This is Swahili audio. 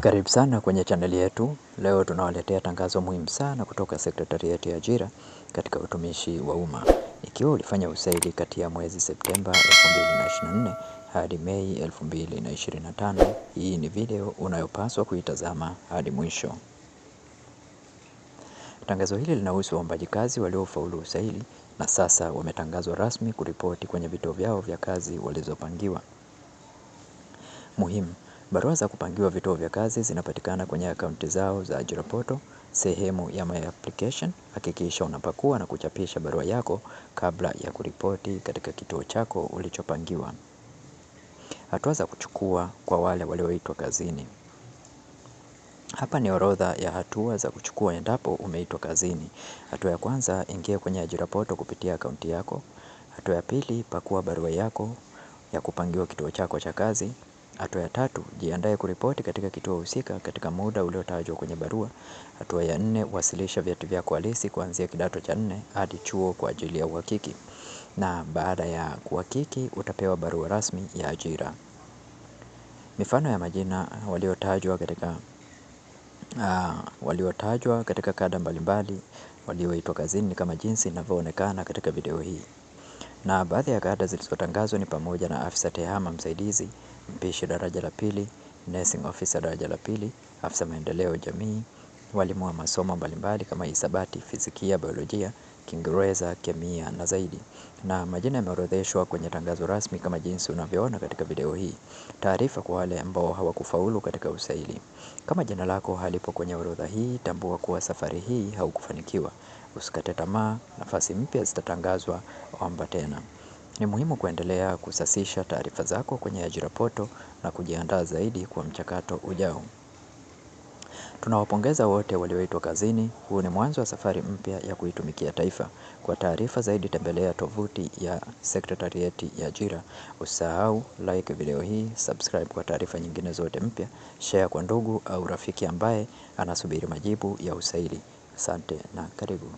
Karibu sana kwenye chaneli yetu. Leo tunawaletea tangazo muhimu sana kutoka Sekretarieti ya Ajira katika Utumishi wa Umma. Ikiwa ulifanya usaili kati ya mwezi Septemba 2024 hadi Mei 2025, hii ni video unayopaswa kuitazama hadi mwisho. Tangazo hili linahusu waombaji kazi waliofaulu usaili na sasa wametangazwa rasmi kuripoti kwenye vituo vyao vya kazi walizopangiwa. Muhimu, Barua za kupangiwa vituo vya kazi zinapatikana kwenye akaunti zao za ajira portal, sehemu ya my application. Hakikisha unapakua na kuchapisha barua yako kabla ya kuripoti katika kituo chako ulichopangiwa. Hatua za kuchukua kwa wale walioitwa kazini. Hapa ni orodha ya hatua za kuchukua endapo umeitwa kazini. Hatua ya kwanza, ingia kwenye ajira portal kupitia akaunti yako. Hatua ya pili, pakua barua yako ya kupangiwa kituo chako cha kazi. Hatua ya tatu, jiandae kuripoti katika kituo husika katika muda uliotajwa kwenye barua. Hatua ya nne, wasilisha vyeti vyako halisi kuanzia kidato cha nne hadi chuo kwa ajili ya uhakiki, na baada ya kuhakiki utapewa barua rasmi ya ajira. Mifano ya majina waliotajwa katika uh, waliotajwa katika kada mbalimbali walioitwa kazini kama jinsi inavyoonekana katika video hii. Na baadhi ya kada zilizotangazwa ni pamoja na afisa tehama msaidizi, mpishi daraja la pili, nursing officer daraja la pili, afisa maendeleo jamii, walimu wa masomo mbalimbali kama hisabati, fizikia, biolojia, Kiingereza, kemia na zaidi. Na majina yameorodheshwa kwenye tangazo rasmi kama jinsi unavyoona katika video hii. Taarifa kwa wale ambao hawakufaulu katika usaili. Kama jina lako halipo kwenye orodha hii, tambua kuwa safari hii haukufanikiwa. Usikate tamaa, nafasi mpya zitatangazwa, omba tena. Ni muhimu kuendelea kusasisha taarifa zako kwenye ajira poto na kujiandaa zaidi kwa mchakato ujao. Tunawapongeza wote walioitwa kazini. Huu ni mwanzo wa safari mpya ya kuitumikia taifa. Kwa taarifa zaidi tembelea tovuti ya Sekretarieti ya Ajira. Usahau like video hii, subscribe kwa taarifa nyingine zote mpya, share kwa ndugu au rafiki ambaye anasubiri majibu ya usaili. Asante na karibu.